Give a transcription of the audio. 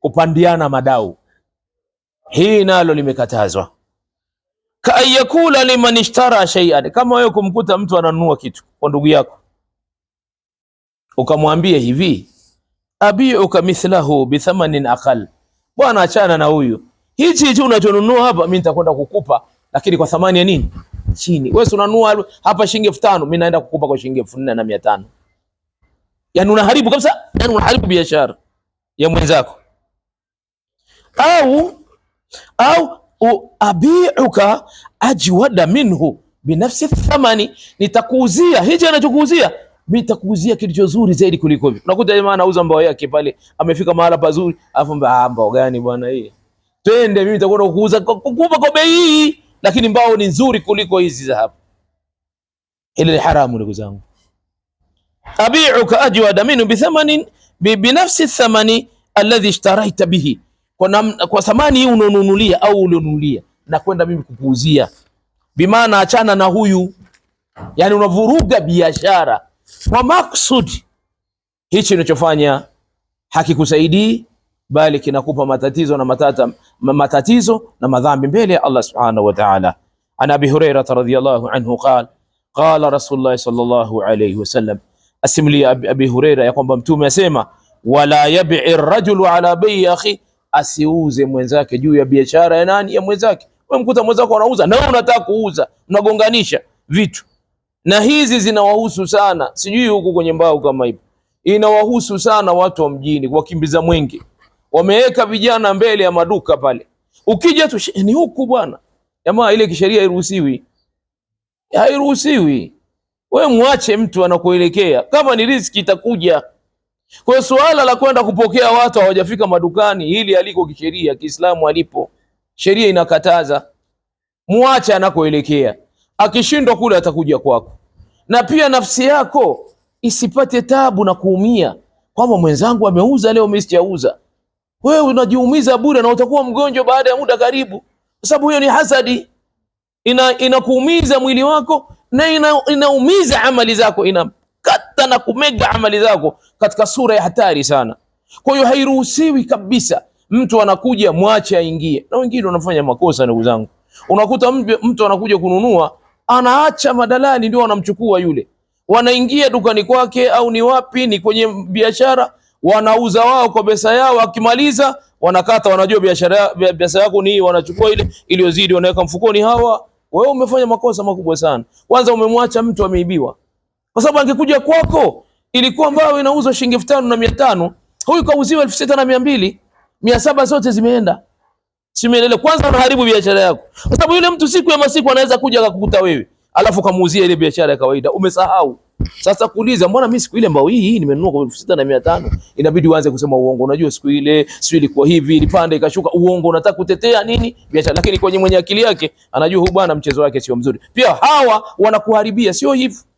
kupandiana madau, hii nalo limekatazwa. ka kaayakula liman ishtara shay'an, kama wewe kumkuta mtu ananunua kitu kwa ndugu yako ukamwambia hivi, abiuka mithlahu bithamanin aqal, bwana achana na huyu, hichi hichi unachonunua hapa mimi nitakwenda kukupa, lakini kwa thamani ya nini? Chini. Wewe unanunua hapa shilingi elfu tano mimi naenda kukupa kwa shilingi elfu nne na mia tano Yani unaharibu kabisa, yani unaharibu biashara ya mwenzako au au abiuka ajwada minhu binafsi thamani, nitakuuzia hichi anachokuuzia nitakuuzia kilicho zuri zaidi kuliko hivi. Unakuta jamaa anauza mboga yake pale, amefika mahala pazuri, alafu mbaya, ah, mboga gani bwana hii, twende, mimi nitakwenda kukuuza kukupa kwa bei hii, lakini mbao ni nzuri kuliko hizi za hapa. Ile ni haramu, ndugu zangu. Abiuka ajwada minhu bi thamani bi binafsi thamani alladhi ishtaraita bihi kwa, nam, kwa samani hii unaonunulia au ulionunulia na kwenda mimi kupuuzia, bimaana achana na huyu. Yani unavuruga biashara kwa maksudi. Hichi unachofanya hakikusaidii, bali kinakupa matatizo na matata, matatizo na madhambi mbele ya Allah subhanahu wa ta'ala. An Abi Hurairah radhiyallahu anhu qala qala Rasulullah sallallahu alayhi wasallam, asimlia Abi Hurairah ya kwamba mtume asema, wala yabi rajulu ala bayi akhi asiuze mwenzake juu ya biashara ya nani, ya mwenzake. Wewe mkuta mwenzako anauza na wewe unataka kuuza, unagonganisha vitu, na hizi zinawahusu sana, sijui huku kwenye mbao kama hivi, inawahusu sana watu wa mjini, wakimbiza mwenge, wameweka vijana mbele ya maduka pale, ukija tu ni huku bwana. Jamaa, ile kisheria hairuhusiwi, hairuhusiwi. Wewe mwache mtu anakuelekea, kama ni riziki itakuja. Kwa hiyo suala la kwenda kupokea watu hawajafika madukani, hili aliko kisheria Kiislamu alipo sheria inakataza. Muache anakoelekea, akishindwa kule atakuja kwako, na pia nafsi yako isipate tabu na kuumia kwamba mwenzangu ameuza leo, mimi sijauza. Wewe unajiumiza bure na utakuwa mgonjwa baada ya muda karibu, kwa sababu hiyo ni hasadi. Inakuumiza ina mwili wako na inaumiza ina amali zako inam hata na kumega amali zako katika sura ya hatari sana. Kwa hiyo hairuhusiwi kabisa mtu anakuja mwache aingie, na wengine wanafanya makosa. Ndugu zangu, unakuta mtu anakuja kununua, anaacha madalali ndio wanamchukua yule, wanaingia dukani kwake au ni wapi, ni kwenye biashara, wanauza wao kwa pesa yao, Akimaliza wanakata, wanajua biashara biashara yako ni hii, wanachukua ile iliyozidi wanaweka mfukoni. Hawa wewe umefanya makosa makubwa sana. Kwanza umemwacha mtu ameibiwa, kwa sababu angekuja kwako ilikuwa mbao inauzwa shilingi elfu tano na mia tano huyu kauziwa elfu sita na mia mbili mia saba zote zimeenda. Simelele kwanza, unaharibu biashara yako, kwa sababu yule mtu siku ya masiku anaweza kuja akakukuta wewe, alafu kamuuzia ile biashara ya kawaida, umesahau sasa kuuliza, mbona mimi siku ile mbao hii hii nimenunua kwa elfu sita na mia tano inabidi uanze kusema uongo. Unajua siku ile siku ilikuwa hivi, ilipanda ikashuka, uongo. Unataka kutetea nini biashara? Lakini kwenye mwenye akili yake anajua huyu bwana mchezo wake sio mzuri. Pia hawa wanakuharibia, sio hivi.